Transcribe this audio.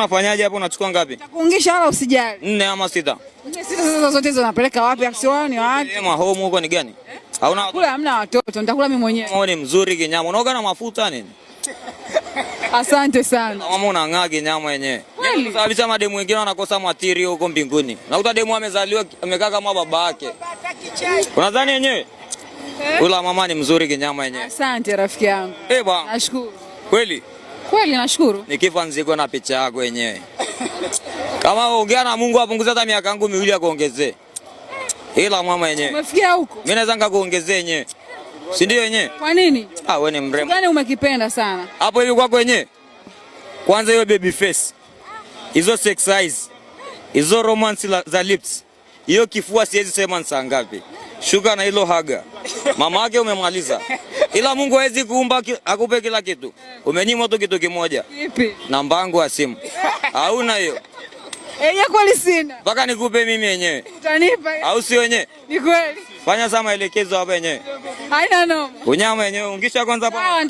Unafanyaje hapo unachukua ngapi? Nitakuungisha wala usijali. Nne ama sita. Nne sita sasa zote hizo unapeleka wapi? wao ni wapi? Kama home huko ni gani? Hauna kula hamna watoto, nitakula mimi mwenyewe. Mimi ni mzuri kinyama. Unaoga na mafuta nini? Asante sana. Mama unang'aa kinyama yenyewe. Sababu yaani, mademu wengine wanakosa matiri huko mbinguni. Unakuta demu amezaliwa amekaa kama baba yake. Unadhani yenyewe? Eh? Ula mama ni mzuri kinyama yenyewe. Asante rafiki yangu. Eh bwana. Nashukuru. Kweli? Kweli nashukuru. Nikifa nzikwe na picha yako yenyewe. Kama ongea na Mungu apunguze hata miaka yangu miwili akuongezee. Ila mama yenyewe. Umefikia huko? Mimi naweza ngakuongezee yenyewe. Si ndio yenyewe? Kwa nini? Ah, wewe ni mrembo. Gani umekipenda sana? Hapo hivi kwako yenyewe. Kwanza hiyo baby face. Hizo sex eyes. Hizo romance za lips. Hiyo kifua siwezi sema ni saa ngapi. Shuka na hilo haga mama yake umemaliza, ila Mungu hawezi kuumba akupe kila kitu, umenyimwa tu kitu kimoja, namba yangu ya simu. Hauna hiyo mpaka nikupe mimi yenyewe, au si wenyewe? Ni kweli. Fanya saa maelekezo hapa yenyewe, unyama yenyewe ungisha kwanza.